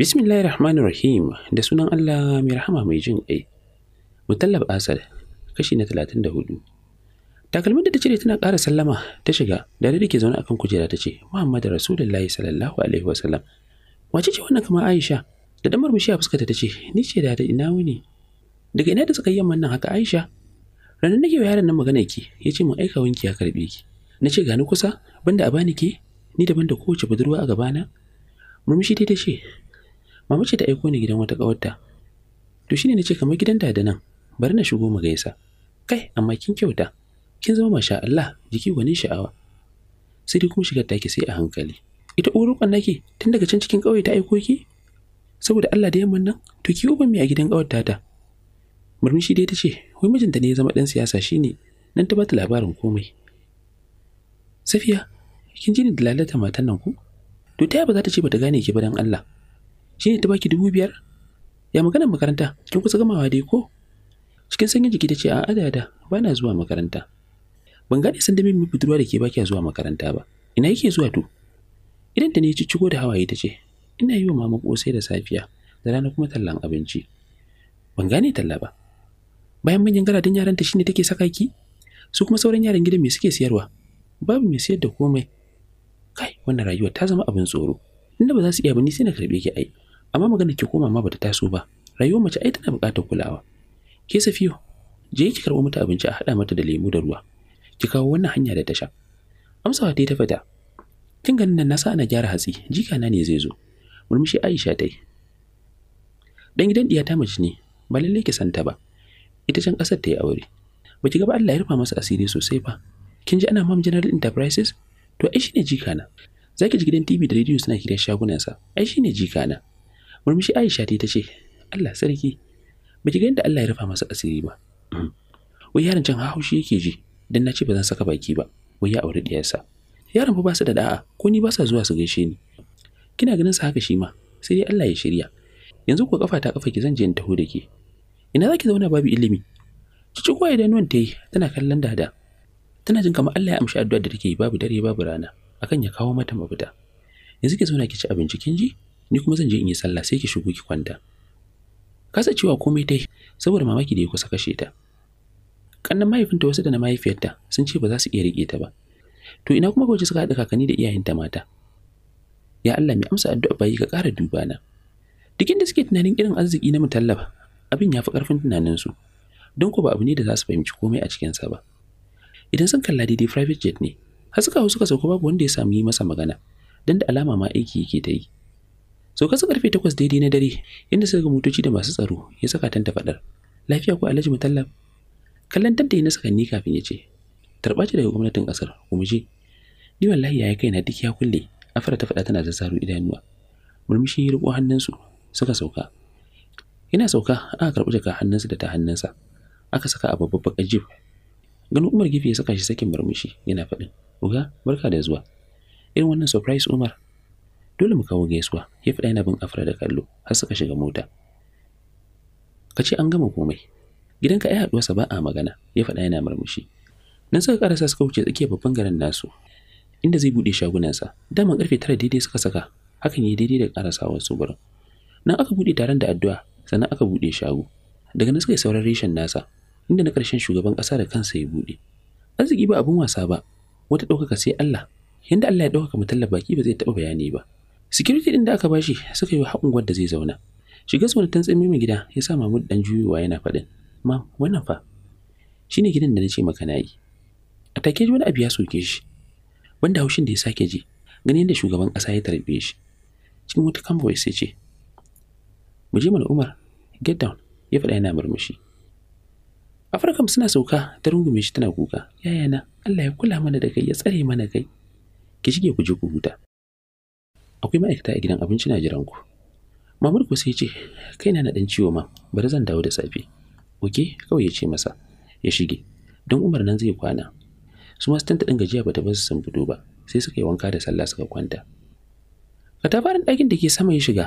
Bismillahir Rahmanir Rahim da sunan Allah mai rahama mai jin ƙai. Mutallab Asad kashi na 34. Takalmin da ta cire tana ƙara sallama ta shiga da da ke zaune akan kujera ta ce Muhammadu Rasulullahi sallallahu alaihi sallam. Wace ce wannan kamar Aisha? Da damar mishi a fuskata ta ce ni ce da ina wuni. Daga ina da suka yi nan haka Aisha ranar nake wa yaron nan magana ki ya ce mun aika wanki ya karbe ki na ce gani kusa banda a bani ke ni daban da kowace budurwa a gabana murmushi ta ce mama ce ta aiko ni gidan wata ƙawarta. to shine na ce kamar gidan da nan bari na shigo mu gaisa kai amma kin kyauta kin zama masha Allah jiki gwanin sha'awa sai dai kuma shigar take sai a hankali ita urukan nake tun daga can cikin ƙauye ta aiko ki saboda Allah da yamman nan to ki uban mi a gidan ƙawarta ta. murmushi dai ta ce wai mijinta ne ya zama ɗan siyasa shine nan ta bata labarin komai safiya kin ji ni da lalata matan nan ku to ta ba za ta ce bata gane ki ba dan Allah shine ta baki dubu biyar ya maganar makaranta kin kusa gamawa dai ko cikin sanyin jiki ta ce a ada da ba na zuwa makaranta ban gane san da mimi budurwa da ke baki zuwa makaranta ba ina yake zuwa to idan ta ne ciccigo da hawaye ta ce ina yi wa mama kosai da safiya da rana kuma tallan abinci ban gane talla ba bayan manyan galadin yaranta shine take saka ki su kuma sauran yaran gidan me suke siyarwa babu mai siyar da komai kai wannan rayuwa ta zama abin tsoro inda ba za su iya ba sai na karbe ki ai amma magana ki koma ma bata taso ba rayuwa mace ai tana buƙatar kulawa ke safiyo je ki karbo mata abinci a haɗa mata da lemu da ruwa ki kawo wannan hanya da tasha. sha amsawa ta ta fita kin ganin nan nasa ana gyara hatsi jikana ne zai zo murmushi Aisha ta dan gidan ta mace ne ba lalle ki santa ba ita can ƙasar ta yi aure ba ki gaba Allah ya rufa masa asiri sosai ba kin ji ana mam general enterprises to ai shine jikana za ki ji gidan tv da radio suna shagunan sa ai shine na. murmushi aisha ta ce Allah sarki ba ki ga da Allah ya rufa masa asiri ba wai yaron can haushi yake ji dan na ce ba zan saka baki ba wai ya aure diyarsa yaron fa ba su da da'a ko ni ba sa zuwa su gaishe ni kina ganin sa haka shi ma sai dai Allah ya shirya yanzu ko kafa ta kafa ki zan je in taho da ke ina za ki zauna babu ilimi cici kuwa nuwan ta yi tana kallon dada tana jin kamar Allah ya amshi addu'a da take yi babu dare babu rana akan ya kawo mata mafita yanzu ki zauna ki ci abinci kin ji ni kuma zan je in yi sallah sai ki shigo ki kwanta kasa cewa komai yi? saboda mamaki da ya kusa kashe ta kannan mahaifinta wasu da na mahaifiyarta sun ce ba za su iya rike ta ba to ina kuma gwaje suka haɗa kakanni da iyayenta mata ya Allah mai amsa addu'a bayi ka ƙara duba na duk da suke tunanin irin arziki na mutallaba abin ya fi ƙarfin tunaninsu don ko ba abu ne da za su fahimci komai a cikinsa ba idan sun kalla daidai private jet ne har suka suka sauka babu wanda ya samu yi masa magana don da alama ma aiki yake ta yi sauka su karfe takwas daidai na dare inda suka ga motoci da masu tsaro ya saka ta faɗar lafiya ko alhaji mutallab kallon tabda na sakanni kafin ya ce tarba ce daga gwamnatin ƙasar, kuma je ni wallahi yayi kaina duk ya kulle afara ta faɗa tana zazzaro idanuwa murmushi ya riko hannunsu suka sauka Yana sauka aka karɓi jaka hannunsa da ta hannunsa. Aka saka a babbar bakar jeep. Ganin Umar gifi ya saka shi sakin murmushi yana faɗin. Uga, barka da zuwa. Irin wannan surprise Umar. Dole mu kawo gaisuwa. Ya faɗa yana bin afra da kallo har suka shiga mota. Ka ce an gama komai. Gidanka ai haɗuwarsa ba a magana. Ya faɗa yana murmushi. Nan suka karasa suka wuce tsakiyar babban garin nasu. Inda zai buɗe shagunansa. Daman karfe tara daidai suka saka. Hakan yi daidai da karasawar wasu gurin. Nan aka buɗe taron da addu'a sannan aka buɗe shago daga nan suka yi sauran reshen nasa inda na ƙarshen shugaban ƙasa da kansa ya buɗe arziki ba abin wasa ba wata ɗaukaka sai Allah yanda Allah ya ɗaukaka mutallar baki ba zai taɓa bayani ba security ɗin da aka bashi suka yi wa haƙun gwanda zai zauna shiga su wani tsamin mimin gida ya sa mamu dan juyowa yana faɗin ma wannan fa Shi ne gidan da na ce maka na yi. a take ji wani abu ya soke shi wanda haushin da ya sake ji gani yadda shugaban ƙasa ya tarbe shi cikin wata convoy sai ce mu je mana Umar Get down, ya faɗa yana murmushi. Afirkam suna sauka ta rungume shi tana kuka. Yayana, Allah ya kula mana da kai, ya tsare mana kai. Ki shige ku je ku huta. Akwai ma'aikata a gidan abinci na jiran ku. Mamur ku sai ce, kai na dan ciwo ma, bari zan dawo da safe. Oke, kawai ya ce masa, ya shige. Don Umar nan zai kwana. Su masu tanta ɗin gajiya bata bar su san fito ba, sai suka yi wanka da sallah suka kwanta. Katafaren ɗakin da ke sama ya shiga,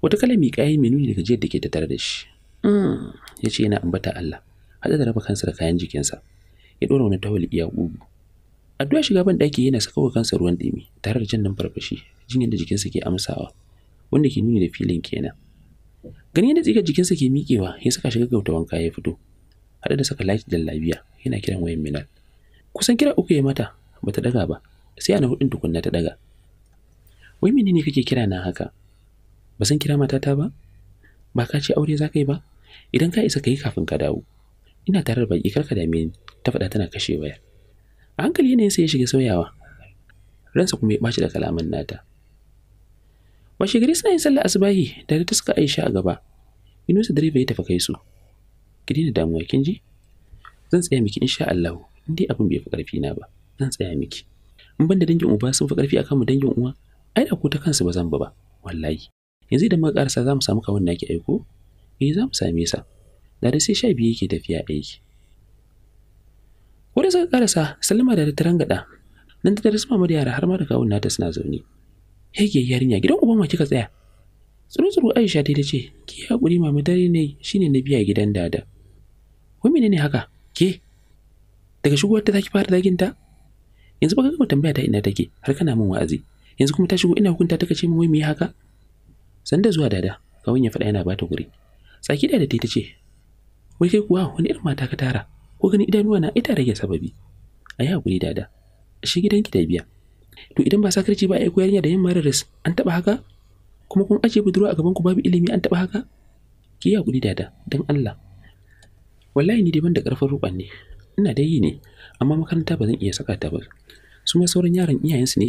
wata kalar kayan menu nuni da gajiyar da ke tattare da shi mm. ya ce yana ambata Allah haɗa da raba kansa da kayan jikinsa ya ɗora wani tawul iya ƙugu addu'a shiga ban ɗaki yana saka wa kansa ruwan ɗumi tare da jan nan farfashi jin yadda jikinsa ke amsawa wanda ke nuni da filin kenan gani yadda tsikar jikinsa ke miƙewa ya saka shiga gauta wanka ya fito haɗa da saka da labiya yana kiran wayan minal kusan kira uku ya mata bata daga ba sai ana hudun tukunna ta daga wai menene kake kira na haka ba san kira matata ba ba ka ce aure za ka yi ba idan ka isa ka yi kafin ka dawo ina tare da baki kar ka dame ni ta faɗa tana kashe waya. a hankali yanayin sai ya shiga sauyawa ransa kuma ya ɓaci da kalaman nata washe gari suna yin sallah asubahi da ta suka aisha a gaba su direba ya tafi kai su ki daina damuwa kin ji zan tsaya miki insha Allah in dai abin bai fi ƙarfi na ba zan tsaya miki in ban da dangin uba sun fi ƙarfi akan mu dangin uwa ai da ku ta kansu ba zan ba ba wallahi yanzu idan muka karasa za mu samu kawun da ake aiko eh za mu same sa da da sai sha biyu yake tafiya aiki wanda suka karasa Salima da ta rangada nan ta tarasa mamar yara har ma da kawun nata suna zaune hege yarinya gidan uban wa kika tsaya tsuru-tsuru aisha ta ce ki hakuri mama dare ne shine na biya gidan dada ko menene haka ke daga shigowar ta zaki fara daginta yanzu baka gama tambaya ta ina take har kana min wa'azi yanzu kuma ta shigo ina hukunta ta kace min wai me haka sanda zuwa dada kawun ya faɗa yana bata guri tsaki da ta ce wai kai kuwa wani irin mata ka tara ko gani idanuwa na ita rage sababi a yi hakuri dada shi gidan da biya to idan ba sakarci ba a yi yarinya da yin mararis an taɓa haka kuma kun ajiye budurwa a gaban ku babu ilimi an taɓa haka ki yi hakuri dada don Allah wallahi ni dai ban da ƙarfin ruɓan ne ina dai yi ne amma makaranta ba zan iya saka ta ba su ma sauran yaran iyayensu ne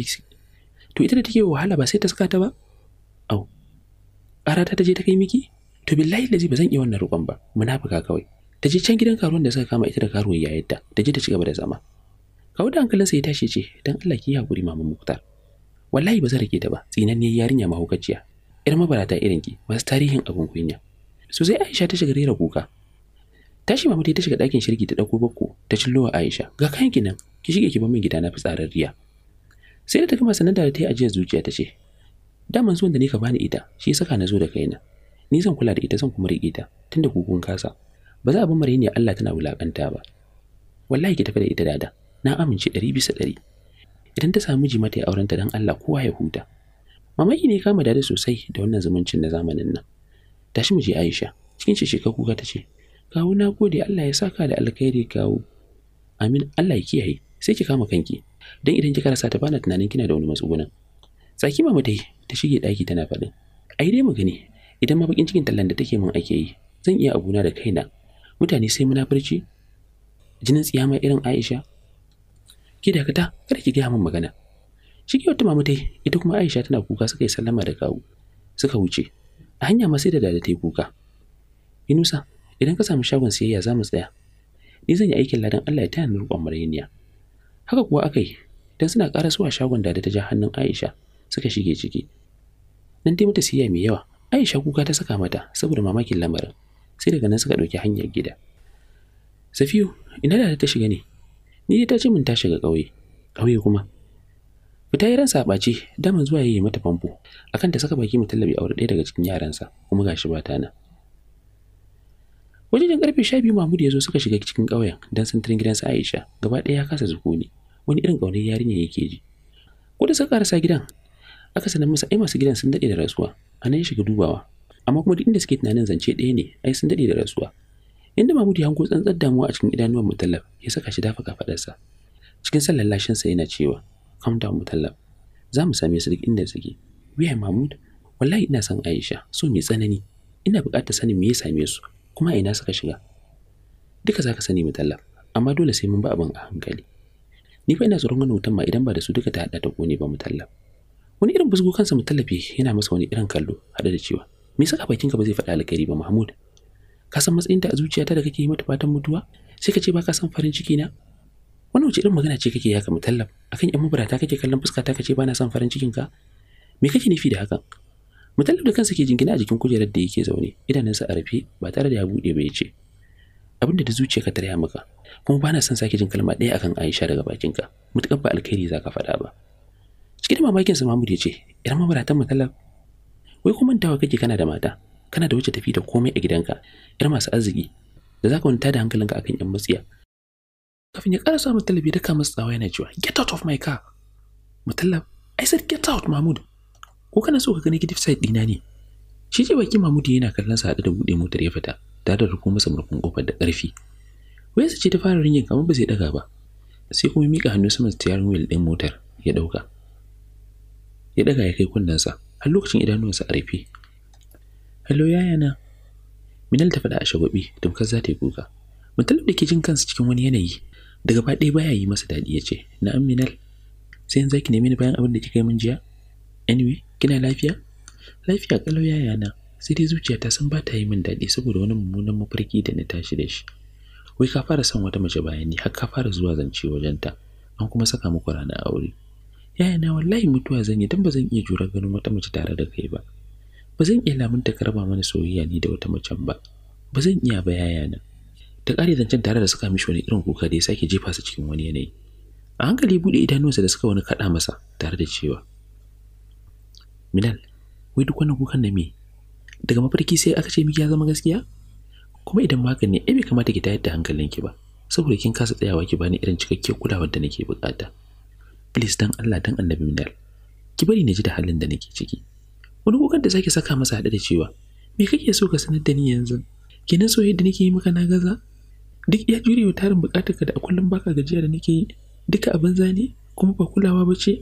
to ita da take wahala ba sai ta saka ta ba arata ta je ta kai miki to billahi lazi ba zan iya wannan rukun ba munafika kawai ta je can gidan karuwan da suka kama ita da karuwan yayarta ta je ta cigaba da zama kawo da sai ya tashi ce dan Allah ki hakuri maman Muktar wallahi ba zan rike ta ba tsinanniyar yarinya mahaukaciya yar mabarata irin ki masu tarihin abun kunya so sai Aisha ta shiga rera kuka tashi mamu ta shiga ɗakin shirki ta ɗauko bakko ta cillowa Aisha ga kayan nan ki shige ki bar min gida na fitsararriya sai da ta gama sanar da ta yi ajiyar zuciya ta ce daman zuwan da ne ka bani ita shi ya saka na zo da kaina ni zan kula da ita zan kuma rike ta tunda kukun kasa ba za a bar mare ne Allah tana wulakanta ba wallahi ki tafi da ita dada na amince ɗari bisa ɗari idan ta samu miji mata ya auren ta dan Allah kowa ya huta mamaki ne kama dada sosai da wannan zumuncin na zamanin nan tashi mu je Aisha cikin shi shekar kuka ta ce kawo na gode Allah ya saka da alkhairi kawo amin Allah ya kiyaye sai ki kama kanki dan idan kika rasa ta bana tunanin kina da wani matsugunan Tsaki mama ta ta shige daki tana faɗin. Ai dai mu gani idan ma bakin cikin tallan da take min ake yi zan iya abuna da kaina. Mutane sai munafurci jinin tsiya tsiyama irin Aisha. Ki dakata kada ki gaya min magana. Shige wata mama ta ita kuma Aisha tana kuka suka yi sallama da kawu suka wuce. A hanya ma sai da dada ta yi kuka. Inusa idan ka samu shagon siyayya za mu tsaya. Ni zan yi aikin ladan Allah ya taya ni riƙon Haka kuwa aka yi, don suna ƙara suwa shagon Dada ta ja hannun Aisha, suka shige ciki nan dai mata siya mai yawa Aisha kuka ta saka mata saboda mamakin lamarin sai daga nan suka ɗauki hanyar gida Safiyu ina da ta shiga ne ni dai ta ce min ta shiga ƙauye ƙauye kuma fita yaran sa ɓace daman zuwa yayi mata famfo akan ta saka baki mu tallabi aure ɗaya daga cikin yaransa kuma gashi ba ta nan wajen ƙarfe sha biyu mahmud ya zo suka shiga cikin ƙauyen don santarin gidansa aisha gaba ɗaya ya kasa zukuni wani irin ƙaunar yarinya yake ji ko suka karasa gidan aka sanar masa ai masu gidan sun daɗe da rasuwa a nan shiga dubawa amma kuma duk inda suke tunanin zance ɗaya ne ai sun dade da rasuwa inda mahmud ya hango tsantsar damuwa a cikin idanuwan mutallab ya saka shi dafa kafaɗarsa cikin sallar lashinsa yana cewa calm down mutallab za mu same su duk inda suke wiyai mahmud wallahi ina son aisha so mai tsanani ina buƙatar sanin me ya same su kuma a ina suka shiga duka za ka sani mutallab amma dole sai mun ba abin a hankali ni fa ina tsoron wani wutan ma idan ba da su duka ta haɗa ta ƙone ba mutallab wani irin busgu kansa mu tallafe yana masa wani irin kallo hada da cewa me yasa bakinka ba zai faɗa alkhairi ba Mahmud ka san matsayinta a zuciyata da kake yi mata fatan mutuwa sai ka ce baka san farin ciki na wannan wace irin magana ce kake mu tallaf akan yan mabarata kake kallon fuska ta kace bana son farin cikin ka me kake nufi da hakan mutallaf da kansa ke jingina a jikin kujerar da yake zaune idanunsa a rufe ba tare da ya bude ba yace abin da zuciyarka ta ya maka kuma bana son sake jin kalma ɗaya akan Aisha daga bakinka mutukar ba alkhairi zaka faɗa ba cikin mamakin sa mamu ya ce yar mamaratan mu talab wai kuma tawa kake kana da mata kana da wuce tafi da komai a gidanka yar masu arziki da zaka wanta da hankalinka akan yan matsiya kafin ya karasa mu talabi da masa tsawa yana cewa get out of my car mutallab i said get out mahmud ko kana so ka ga negative side dina ne shi ce baki mahmud yana kallon sa hada da bude motar ya fita da da ruko masa murfin kofar da karfi wayarsa ce ta fara ringin kamar ba zai daga ba sai kuma mika hannu sama steering wheel din motar ya dauka ya daga ya kai kunnensa har lokacin idanuwansa a rufe hallo na. minal ta faɗa a shagwabi tamkar za ta yi kuka mutum da ke jin kansa cikin wani yanayi daga ba ɗaya baya yi masa daɗi ya ce na'am minal sai yanzu ki nemi ni bayan abin da kika yi min jiya anyway kina lafiya lafiya kalau na, sai dai zuciya ta san ba ta yi min daɗi saboda wani mummunan mafarki da na tashi da shi wai ka fara son wata mace bayan ni har ka fara zuwa zance wajenta an kuma saka muku rana a aure yaya na wallahi mutuwa zan yi dan ba zan iya jura ganin wata mace tare da kai ba ba zan iya lamun ka raba mana soyayya ni da wata macen ba ba zan iya ba yaya na ta ƙare zancen tare da suka mishi wani irin kuka da ya sake jefa su cikin wani yanayi a hankali buɗe idanuwansa da suka wani kaɗa masa tare da cewa minal wai duk wannan kukan na me daga mafarki sai aka ce miki ya zama gaskiya kuma idan ma ne ai bai kamata ki tayar da hankalinki ba saboda kin kasa tsayawa ki bani irin cikakke kulawar da nake bukata please dan Allah dan annabi Minal. ki bari na ji da halin da nake ciki wani kokar da zaki saka masa hada da cewa me kake so ka sanar da ni yanzu kenan so yadda nake yi maka na gaza duk ya jure wa tarin ka da kullun kullum baka gajiya da nake yi duka abin zane kuma ba kulawa ba ce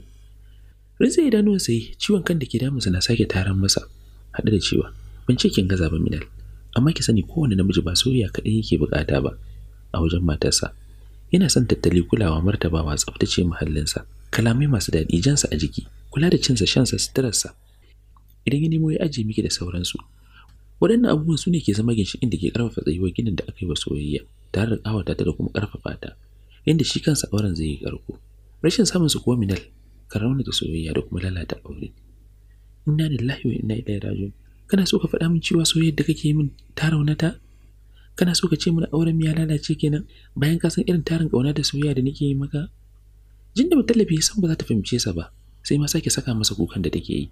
rinsa idanuwa sai ciwon kan da ke damunsa na sake taron masa hada da cewa ban ce kin gaza ba Minal." amma ki sani kowane namiji ba soyayya kaɗai yake bukata ba a wajen matarsa yana son tattali kulawa martabawa tsaftace muhallinsa kalamai masu daɗi jansa a jiki kula da cinsa shansa suturarsa idan ya nemo ya ajiye miki da sauransu waɗannan abubuwan su ne ke zama ginshiƙin da ke ƙarfafa tsayuwar ginin da aka yi wa soyayya tare da ƙawata ta da kuma ƙarfafa ta yadda shi kansa auren zai yi ƙarko rashin samun su kuwa minal kan da soyayya da kuma lalata aure ina da lahi wa ina ilaihi raji'un kana so ka faɗa min cewa soyayyar da kake min ta raunata kana so ka ce min auren ya lalace kenan bayan ka san irin tarin ƙauna da soyayya da nake yi maka Jin da tallafi san ba za ta fahimce sa ba, sai ma sake saka masa kukan da take yi.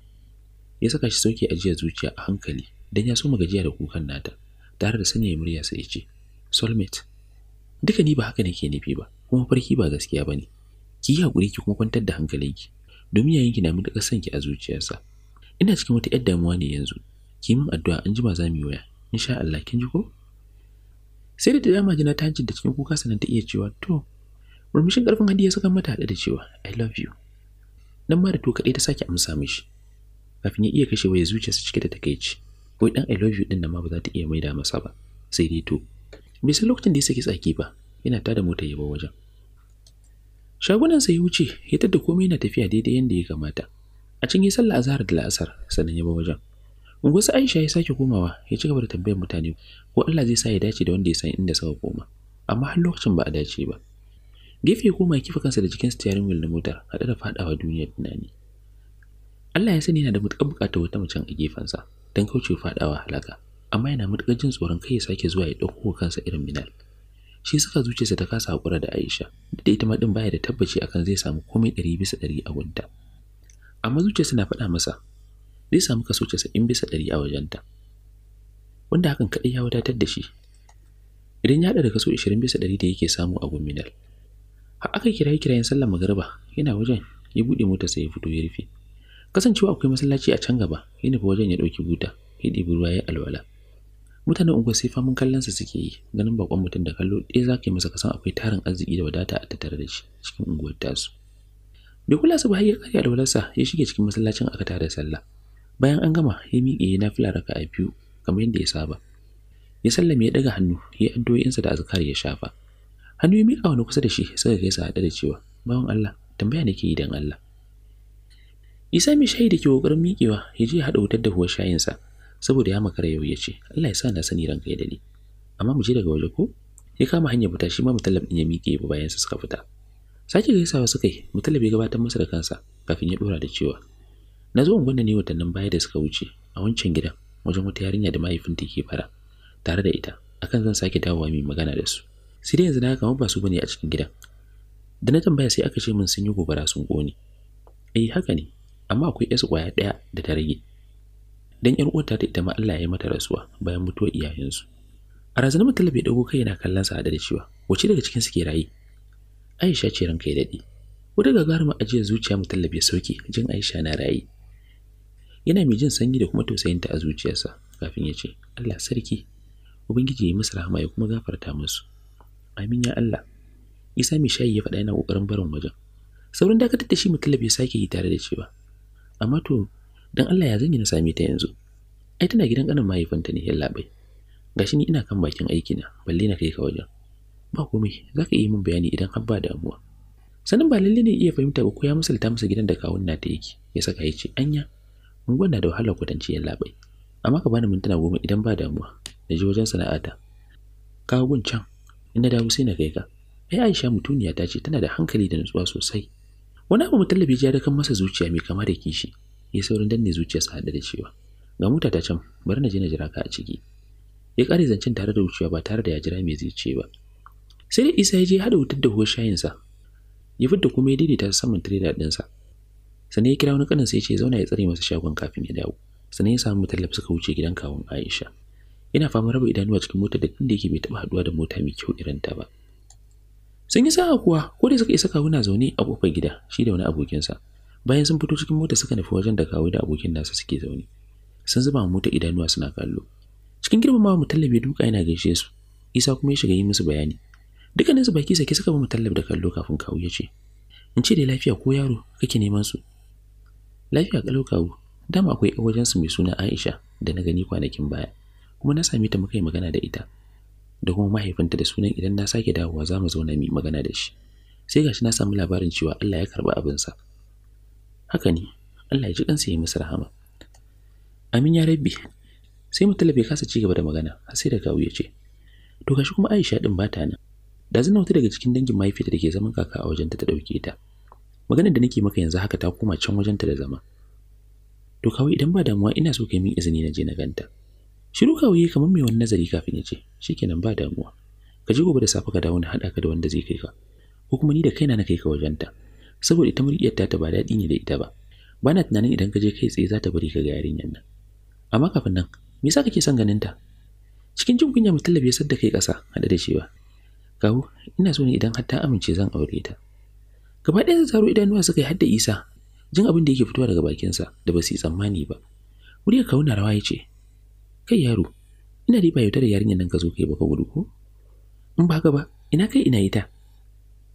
Ya saka shi sauke ajiya zuciya a hankali, dan ya so gajiya da kukan nata, tare da sanya murya sai ya ce, "Soulmate, duka ni ba haka nake nufi ba, kuma farki ba gaskiya bane. Ki yi hakuri ki kuma kwantar da hankalinki, domin yayin ki na mutakar son ki a zuciyarsa. Ina cikin wata 'yar damuwa ne yanzu. Ki min addu'a an jima za mu yi waya. Insha Allah kin ji ko?" Sai da ta dama jina ta hanci da cikin kuka sanan ta iya cewa, "To, murmushin ƙarfin hadi ya saka mata haɗe da cewa i love you nan ma da to kaɗai ta sake amsa mishi kafin ya iya kashe waya zuciyarsa cike da takaici wai dan i love you din nan ma ba za ta iya maida masa ba sai dai to bai san lokacin da ya saki tsaki ba yana tada mota ya ba wajen shagunan sai ya wuce ya tadda komai yana tafiya daidai yadda ya kamata a cikin ya salla azhar da la'asar sannan ya wajen. wajen wasu Aisha ya sake komawa ya ci gaba da tambayar mutane ko Allah zai sa ya dace da wanda ya san inda sa koma amma har lokacin ba a dace ba Gefe ya mai ya kifa kansa da jikin steering wheel na motar haɗe da faɗawa duniyar tunani. Allah ya sani yana da matuƙar bukatar wata mace a gefen sa don kauce faɗawa halaka, amma yana matuƙar jin tsoron kai ya sake zuwa ya dauko kansa irin minal. Shi saka zuciyarsa ta kasa haƙura da Aisha, da ita ma din baya da tabbaci akan zai samu komai dari bisa ɗari a gunta. Amma zuciyarsa na faɗa masa zai samu kaso casa'in bisa ɗari a wajenta, wanda hakan kadai ya wadatar da shi. Idan ya da kaso ishirin bisa ɗari da yake samu a gun Minal, har aka kira kirayen sallar magariba yana wajen ya bude mota sai ya fito ya rufe kasancewa akwai masallaci a can gaba ya nufi wajen ya dauki buta ya ɗebi ruwa ya alwala mutanen unguwa sai famun kallon sa suke yi ganin bakon mutum da kallo ɗaya za ka yi masa kasan akwai tarin arziki da wadata a tattare da shi cikin unguwar tasu bai kula su ba har ya karya alwalarsa ya shige cikin masallacin aka tare sallah bayan an gama ya miƙe ya nafila a biyu kamar yadda ya saba ya sallame ya daga hannu ya addu'o'insa da azkar ya shafa hannu ya miƙa wani kusa da shi suka gaisa haɗe da cewa bawan Allah tambaya nake yi dan Allah Isa mai shayi da ke ƙoƙarin miƙewa ya je ya haɗa wutar da huwar shayinsa saboda ya makara yau ya ce Allah ya sa na sani ranka ya dade amma mu je daga waje ko ya kama hanyar fita shi ma mutallab din ya miƙe ba bayan suka fita sake gaisawa suka yi mutallab ya gabatar masa da kansa kafin ya dora da cewa na zo gwanda ne watannin baya da suka wuce a wancan gidan wajen wata yarinya da mahaifinta ke fara tare da ita akan zan sake dawowa mai magana da su sai dai yanzu na kamar ba su bane a cikin gidan da na tambaya sai aka ce min sun yi gobara sun kone. eh haka ne amma akwai yasu ƙwaya ɗaya da ta rage dan yar uwar ta ita ma Allah ya mata rasuwa bayan mutuwar iyayensu a razana mutum bai dago kai yana kallon sa da cewa wace daga cikin su ke rayi Aisha ce ranka ya dade wata gagarumar ajiyar zuciya mu bai sauke jin Aisha na raye. yana mai jin sanyi da kuma tausayinta a zuciyarsa kafin ya ce Allah sarki ubangiji ya musu rahama ya kuma gafarta musu amin ya Allah isa mai shayi ya faɗa yana ƙoƙarin barin wajen saurin dakatar da shi mutum bai sake yi tare da shi ba amma to dan Allah ya zan zanyi na same ta yanzu ai tana gidan ƙanin mahaifinta ne yalla bai gashi ni ina kan bakin aiki na balle na kai ka wajen ba komai za zaka yi min bayani idan har ba damuwa sanin ba lalle ne iya fahimta ba ko ya misalta masa gidan da kawun na ta yake ya saka ya ce anya unguwar na da wahalar kwatanciyar yallaɓai. amma ka bani mintuna goma idan ba damuwa na ji wajen sana'ata kawo gun can in na dawo sai na kai ka ai Aisha mutuniya ta ce tana da hankali da nutsuwa sosai wani abu mutallabi ya da kan masa zuciya mai kama da kishi ya saurin danne zuciya sa da cewa ga mota ta can bari na je na jira ka a ciki ya kare zancen tare da wucewa ba tare da ya jira mai zai ce ba sai da Isa ya je hada wutar da hoshayin shayinsa ya fitta kuma ya daidaita saman tireda sa sannan ya kira wani kanin sai ya ce zauna ya tsare masa shagon kafin ya dawo sannan ya samu mutallabi suka wuce gidan kawun Aisha yana fama raba idanuwa cikin mota da inda yake bai taɓa haduwa da mota mai kyau irin ta ba sun yi sa'a kuwa ko da suka isa kawuna zaune a kofar gida shi da wani abokinsa bayan sun fito cikin mota suka nufi wajen da kawo da abokin nasa suke zaune sun zuba mota idanuwa suna kallo cikin girmamawa mutallab tallafi duka yana gaishe su isa kuma ya shiga yi musu bayani dukkanin su baki sake suka ba mutallab da kallo kafin kawu ya ce in ce da lafiya ko yaro kake neman su lafiya kalau kawu, dama akwai a su mai suna aisha da na gani kwanakin baya kuma na same ta muka yi magana da ita da kuma mahaifinta da sunan idan na sake dawowa za mu zauna mu magana da shi sai gashi na samu labarin cewa Allah ya karba sa haka ne Allah ya ji kansa ya yi masa rahama amin ya rabbi sai mutala bai kasa cigaba da magana har sai da kawu ya ce to gashi kuma Aisha din ba ta nan da zan wata daga cikin dangin mahaifinta da ke zaman kaka a wajenta ta dauke ta maganar da nake maka yanzu haka ta koma can wajenta da zama to kawai idan ba damuwa ina so kai min izini na je na ganta Shiru kawai kamar mai wani nazari kafin ya ce, shikenan ba damuwa. Ka je gobe da safe ka dawo na haɗa ka da wanda zai kai ka. Ko kuma ni da kaina na kai ka wajenta. Saboda ita muryar ta ba daɗi ne da ita ba. Ba na tunanin idan ka je kai tsaye za ta bari ka ga yarinyar nan. Amma kafin nan, me yasa kake son ganin ta? Cikin jin kunya mutallab ya sadda kai ƙasa haɗe da cewa, Kawu, ina so ne idan har ta amince zan aure ta. Gaba ɗaya zaro idanuwa suka yi hadda Isa, jin abin da yake fitowa daga bakinsa da ba su yi tsammani ba. Muryar kawo na rawa ya ce, kai yaro ina riba yauta da yarinyar nan ka zo kai baka gudu ko in ba ka ba ina kai ina ita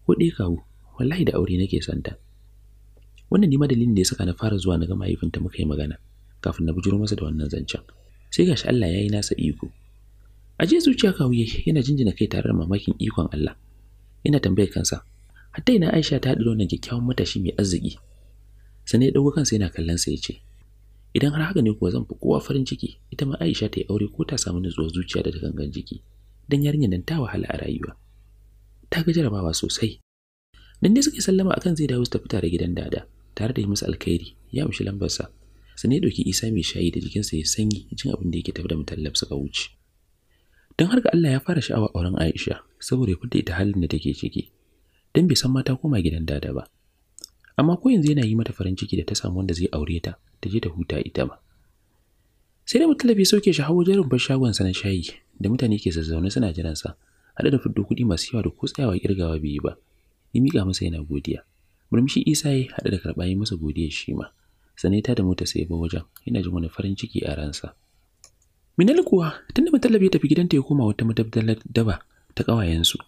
ko dai kawo wallahi da aure nake ta. wannan ne madalin da ya saka na fara zuwa na ga mahaifinta muka yi magana kafin na bujuro masa da wannan zancen sai gashi Allah ya yi nasa iko A je zuciya kawuye yana jinjina kai tare da mamakin ikon Allah Ina tambayar kansa hatta ina Aisha ta haɗu wannan kyakkyawan matashi mai arziki sai ya dauko kansa yana kallon sa ce. idan har haka ne kuwa zan fi kowa farin ciki ita ma Aisha ta yi aure ko ta samu nutsuwar zuciya da gangan jiki dan yarinyar nan ta wahala a rayuwa ta ga jarabawa sosai nan ne suka sallama akan zai dawo su tafi tare gidan dada tare da yi masa alkhairi ya mushi lambarsa su ne ɗauki isa mai shayi da jikinsa ya sanyi jin abin da yake tafi da mutallab suka wuce don har ga Allah ya fara sha'awa auren Aisha saboda ya fita ita halin da take ciki don bai san mata koma gidan dada ba amma ko yanzu yana yi mata farin ciki da ta samu wanda zai aure ta ta je ta huta ita ma sai da mutum ya sauke shi hawo jarin bar shagonsa na shayi da mutane ke zazzaune suna jiransa haɗe da fuddo kuɗi masu yawa da ko tsayawa kirgawa bai ba ya miƙa masa yana godiya murmushi isa ya haɗe da karɓa yi masa godiya shi ma sanai ta da mota sai ba wajen yana jin wani farin ciki a ransa minal kuwa tunda mutallabi ya tafi gidanta ya koma wata madabdalar daba ta ƙawayensu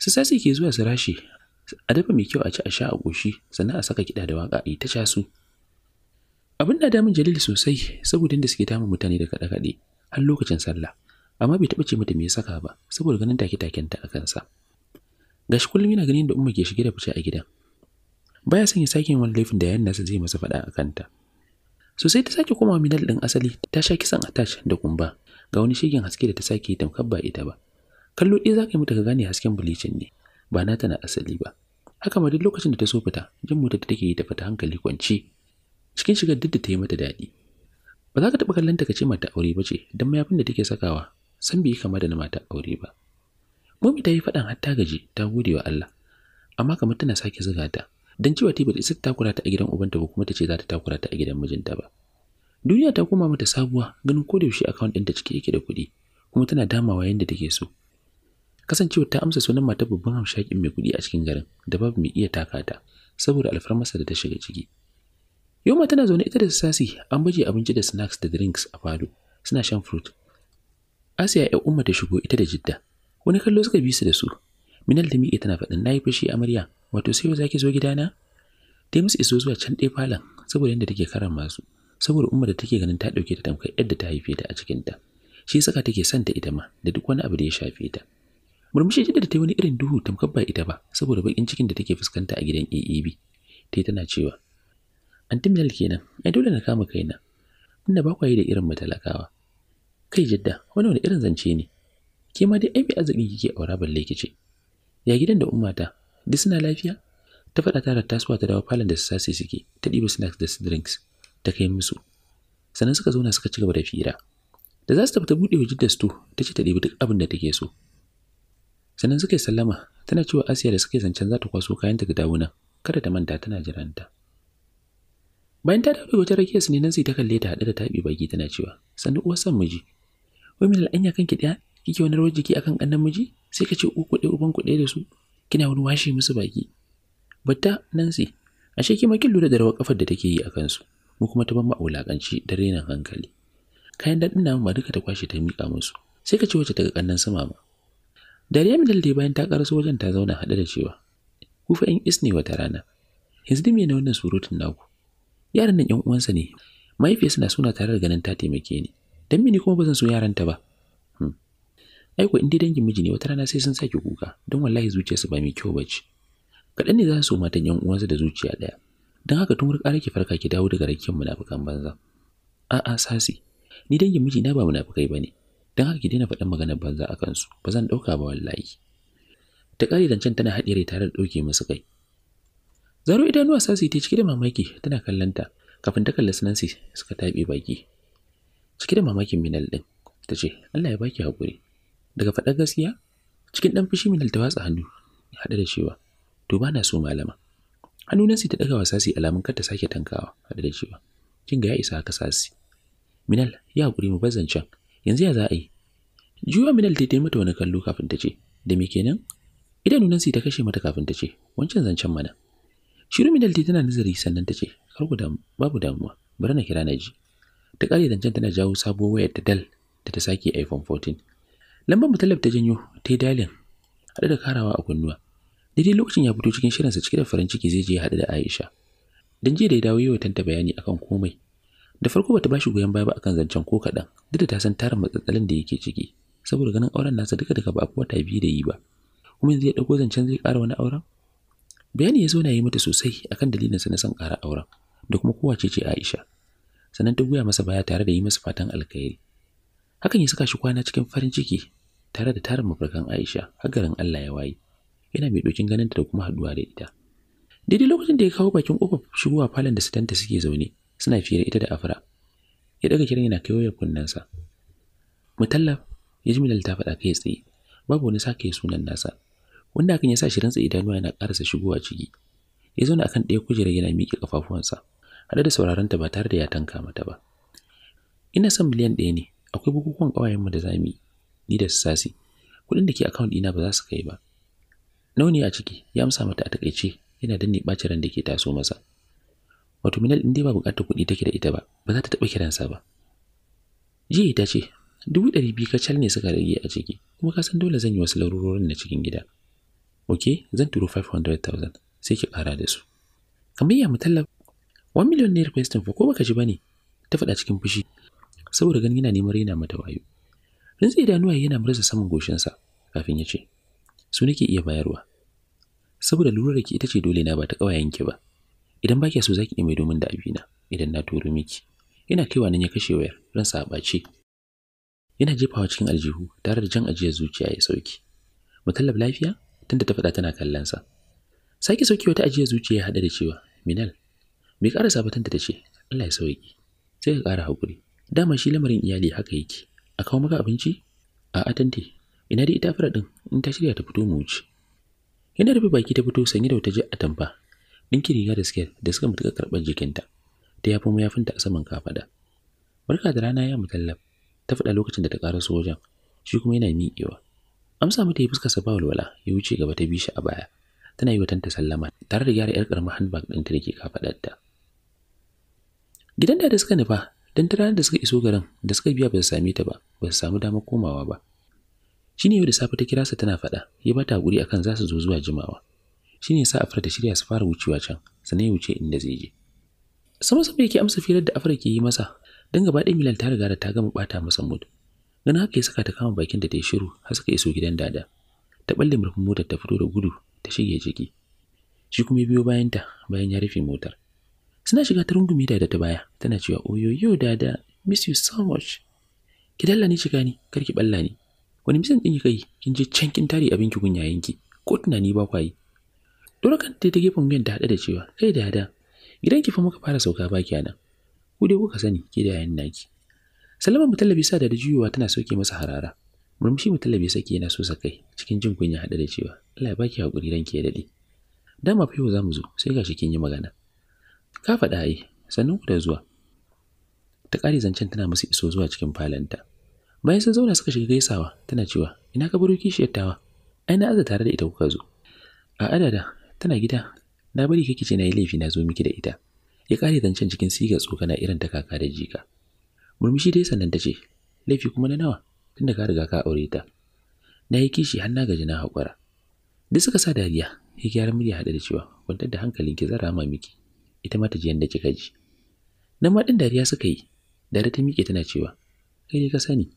su sasi ke zuwa su rashi a dafa mai kyau a ci a sha a goshi sannan a saka kiɗa da waƙa a yi ta casu. Abin da damun Jalil sosai saboda inda suke damun mutane da kaɗe-kaɗe har lokacin sallah, amma bai taɓa ce mata me ya saka ba saboda ganin take ta a kansa. Gashi kullum yana ganin da Umma ke shige da fice a gidan. Baya son ya sake yin wani laifin da yayin nasa zai masa faɗa a kanta. Sosai ta sake komawa Minal ɗin asali ta sha kisan attach da kumba ga wani shegen haske da ta sake tamkar ba ita ba. Kallo ɗaya za ka yi mata ka gane hasken bilicin ne, ba na tana asali ba. haka ma duk lokacin da ta so fita jin mota da take yi ta fita hankali kwanci cikin shigar duk da ta yi mata daɗi ba za ka taɓa kallon ta ka ce mata aure ba ce don mayafin da take sakawa san bai kama da na mata aure ba mummy ta yi faɗan har ta gaji ta gode wa Allah amma kamar tana sake zuga ta don cewa ta bata isa ta takura ta a gidan ubanta ba kuma ta ce za ta takura ta a gidan mijinta ba duniya ta koma mata sabuwa ganin ko da yaushe account ɗinta cike yake da kuɗi kuma tana damawa yadda take so kasancewar ta amsa sunan mata babban hamshakin mai kuɗi a cikin garin da babu mai iya taka ta saboda alfarmarsa da ta shiga ciki yoma tana zaune ita da sasi an baje abinci da snacks da drinks a falo suna shan fruit asiya ya umma ta shigo ita da jidda wani kallo suka bi su da su minal da miƙe tana faɗin nayi fashi amarya wato sai yau zaki zo gidana ta iso zuwa can ɗaya falon saboda yadda take karan masu saboda umma da take ganin ta ɗauke ta tamkar yadda ta haife ta a cikinta shi saka take son ta ita ma da duk wani abu da ya shafe ta murmushi jidda da ta yi wani irin duhu tamkar ba ita ba saboda bakin cikin da take fuskanta a gidan AEB ta tana cewa antimnal kenan ai dole na kama kaina inda ba kwaye da irin matalakawa kai jidda wani wani irin zance ne ke ma dai ai arzikin kike aura balle kice ya gidan da ummata duk suna lafiya ta faɗa tara tasuwa ta dawo falon da su sase suke ta ɗiba snacks da su drinks ta kai musu sannan suka zauna suka ci gaba da fira da za su tafi ta buɗe wa jidda sto ta ce ta ɗiba duk abin da take so sannan suka yi sallama tana cewa asiya da suke zancen za ta kwaso kayanta ga dawuna kada ta manta tana jiranta bayan ta dawo wata rakiya su ne nan sai ta kalle ta hada da taɓi baki tana cewa sannu uwar san miji wai min al'anya kanki ɗaya kike wani rawar jiki akan ƙannan miji sai ka ce uku kuɗe uban kuɗe da su kina wani washe musu baki "Bata, nan sai ashe ki ma lura da rawar kafar da take yi a kansu mu kuma ta ban ma wulaƙanci, da renan hankali kayan daɗin namu ba duka ta kwashe ta miƙa musu sai ka ce wacce ta ga ƙannan sama ma Dariya Minal dai bayan ta ƙaraso wajen ta zauna haɗe da cewa, ku fa ‘yan is wata rana, yanzu me na wannan surutun naku. Yaran nan ‘yan uwansa ne, mahaifiyarsa na suna tare da ganin ta taimake ni, don mini kuma ba zan so ta ba. Hmm. Aiko, in dai dangin miji ne wata rana sai sun sake kuka, don wallahi zuciyar ba mai kyau bace. Kaɗan ne za su mata ‘yan uwansa da zuciya ɗaya, don haka tun wurƙa ki farka ki dawo daga rakin munafukan banza. A'a sasi, ni dangin miji na ba munafukai ba ne, don haka ki daina faɗin maganar banza a kansu ba zan ɗauka ba wallahi ta ƙari can tana haɗiyar tare da ɗauke musu kai zaro idanuwa sasi ta cike da mamaki tana kallon ta kafin ta kalli sinansi suka taɓe baki cike da mamakin minal ɗin ta ce Allah ya baki haƙuri daga faɗar gaskiya cikin ɗan fushi minal ta watsa hannu haɗe da cewa to ba so malama hannu nansi ta ɗaga wa sasi alamun kar ta sake tankawa hada da cewa kin ga ya isa haka sasi minal ya hakuri mu bazan can yanzu ya za a yi juya minal ta mata wani kallo kafin ta ce da me kenan idanu nan sai ta kashe mata kafin ta ce wancan zancen mana shiru minal ta tana nazari sannan ta ce kar ku damu babu damuwa bari na kira na ji ta kare zancen tana jawo sabuwar wayar ta dal da ta sake iphone 14 lambar mutalab ta janyo ta yi dalin haɗe da karawa a kunnuwa daidai lokacin ya fito cikin shirinsa cike da farin ciki zai je ya haɗu da aisha don jiya da ya dawo yi wa tanta bayani akan komai da farko bata bashi goyon baya ba akan zancen ko kaɗan duk da ta san tarin matsatsalin da yake ciki saboda ganin auren nasa duka daga ba a wata biyu da yi ba kuma yanzu ya ɗauko zancen zai kara wani auren bayani ya zo na yi mata sosai akan dalilinsa na son kara auren da kuma kowace ce Aisha sannan ta goya masa baya tare da yi masa fatan alkhairi hakan ya saka shi kwana cikin farin ciki tare da tarin mafarkan Aisha har garin Allah ya waye yana mai dokin ganin ta da kuma haduwa da ita daidai lokacin da ya kawo bakin kofar shigowa falon da sitanta suke zaune suna fiye da ita da afra ya daga kiran yana kai wayar kunnensa mutallaf ya ji milal ta faɗa kai tsaye babu wani sake sunan nasa wanda hakan ya sa Shirin rantsa idanuwa yana ƙarasa shigowa ciki ya zauna akan ɗaya kujerar yana miƙe ƙafafuwansa haɗe da sauraron ta ba tare da ya tanka mata ba ina son miliyan ɗaya ne akwai bukukuwan ƙawayenmu da zamu yi ni da sassi kuɗin da ke akawun ɗina ba za su kai ba nauni a ciki ya amsa mata a takaice yana danne ɓacin ran da ke taso masa wato Minal in dai ba buƙatar kuɗi take da ita ba ba za ta taɓa kiransa ba jiya ita ce dubu ɗari biyu kacal ne suka rage a ciki kuma ka san dole zan yi wasu larurorin na cikin gida ok zan turo 500,000 sai ki ƙara da su kamar ya mutallaf 1 million ne requestin fa ko baka ji bane ta faɗa cikin fushi saboda ganin yana neman raina mata wayo rinsa idanuwa yana murza saman goshinsa kafin ya ce su nake iya bayarwa saboda lura da ki ita ce dole na ba ta ƙawayenki ba idan ba so zaki nemi iya domin da abina idan na turo miki Ina kaiwa nan ya kashe wayar ran a ɓace yana jefawa cikin aljihu tare da jan ajiyar zuciya ya sauki mutallab lafiya tunda ta fada tana kallon sa sake sauki wata ajiyar zuciya ya hada da cewa minal bai ƙara sabatanta ta ce Allah ya sauki sai ka ƙara hakuri. dama shi lamarin iyali haka yake a kawo maka abinci a atante ina da ita fara din in ta shirya ta fito mu wuce yana rufe baki ta fito sanye da wata ji atamfa ɗinki riga da siket da suka mutuka karɓar jikinta ta yafi yafinta a saman kafaɗa barka da rana ya mutallab ta faɗa lokacin da ta ƙara sojan shi kuma yana miƙewa amsa mata ya fuskarsa ba walwala ya wuce gaba ta bi shi a baya tana yi watanta tanta sallama tare da gyara 'yar ƙaramar handbag ɗinta da ke kafaɗarta gidan da da suka nufa don ta ranar da suka iso garin da suka biya ba su same ta ba ba su samu damar komawa ba shi ne yau da safe ta kira sa tana faɗa ya ba ta haƙuri akan za su zo zuwa jimawa shine sa Afra ta shirya su fara wucewa can sanai ya wuce inda zai je sama sama yake amsa firar da Afra ke yi masa dan gaba ɗaya Milan ta riga da ta gama bata masa mood ganin haka ya saka ta kama bakin da ta yi shiru har suka iso gidan dada ta balle murfin motar ta fito da gudu ta shige jiki. shi kuma ya biyo bayan ta bayan ya rufe motar suna shiga ta rungumi da ta baya tana cewa oyoyo dada miss you so much ki dalla ni shiga ni kar ki balla ni wani misan din kai kin je can kin tare abin ki gunyayen ki ko tunani ba Dora kan ta gefen wuyan ta hada da cewa, kai da da, gidan ki fa muka fara sauka baki kenan. Ku dai kuka sani ke da yayin naki. Salama mutallabi sa da juyowa tana soke masa harara. Murmushi mutallabi sake yana so sa kai cikin jin kunya hada da cewa, Allah ya baki hakuri ki ya daɗe. Dama fa yau za mu zo sai gashi kin yi magana. Ka faɗa ai, sannan ku da zuwa. Ta ƙare zancen tana musu iso zuwa cikin falanta. Bayan sun zauna suka shiga gaisawa, tana cewa, "Ina ka baro kishiyar tawa? Ai na aza tare da ita kuka zo." A adada, tana gida na bari kike ce na yi laifi na zo miki da ita ya kare zancen cikin siga tsokana irin ta kaka da jika murmushi dai sannan ta ce laifi kuma na nawa tunda ka riga ka aure ta na yi kishi har na gaji na haƙura duk suka sa dariya ya gyara murya haɗe da cewa kwantar da hankalin ki zara ma miki ita ma ta ji yadda kika ji nan ma ɗin dariya suka yi dare ta miƙe tana cewa kai ne ka sani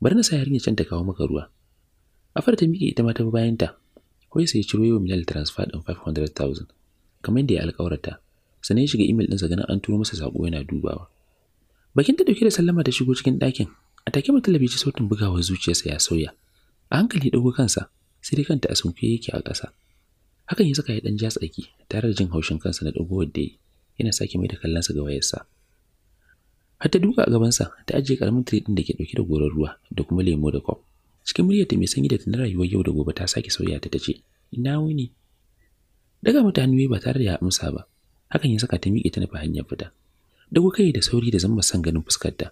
bari na sa yarinya can ta kawo maka ruwa afar ta miƙe ita ma ta bayanta Kawai sai ciro yau Milal transfer ɗin 500,000 kamar da ya alƙawarta. Sannan ya shiga imel ɗinsa ganin an turo masa saƙo yana dubawa. Bakin ta ɗauke da sallama ta shigo cikin ɗakin. A take mu talabijin sautin bugawar zuciyarsa ya sauya. A hankali ya ɗago kansa sai dai kanta a sunkuye yake a ƙasa. Hakan ya saka ya ɗan ja tsaki tare da jin haushin kansa na ɗagowar da ya yana sake mai da kallonsa ga wayarsa. Har ta duka a gabansa ta ajiye ƙaramin tire ɗin da ke ɗauke da goron ruwa da kuma lemo da kwaf. cikin muryarta mai sanyi da tunar rayuwar yau da gobe ta sake sauya ta tace ina wuni daga mata hannu ba tare da ya amsa ba hakan ya saka ta miƙe ta nufi hanyar fita dago kai da sauri da zamba san ganin fuskar ta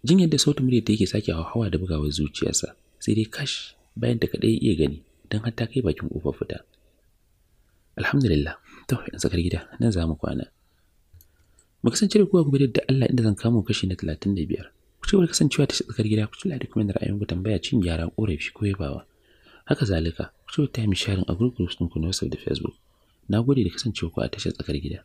jin yadda sautin muryarta yake sake hawa da bugawar zuciyarsa sai dai kash bayan ta kadai iya gani dan har ta kai bakin kofa fita alhamdulillah to in sakar gida nan za mu kwana mu kasance da kowa gobe da Allah inda zan kamo kashi na 35 ku kasancewa ta tsakar gida ku tula da kuma ra'ayin ku tambaya cin gyara korafi ko yabawa haka zalika ku ta mi sharing a group din ku na WhatsApp da Facebook na gode da kasancewa ku a tashar tsakar gida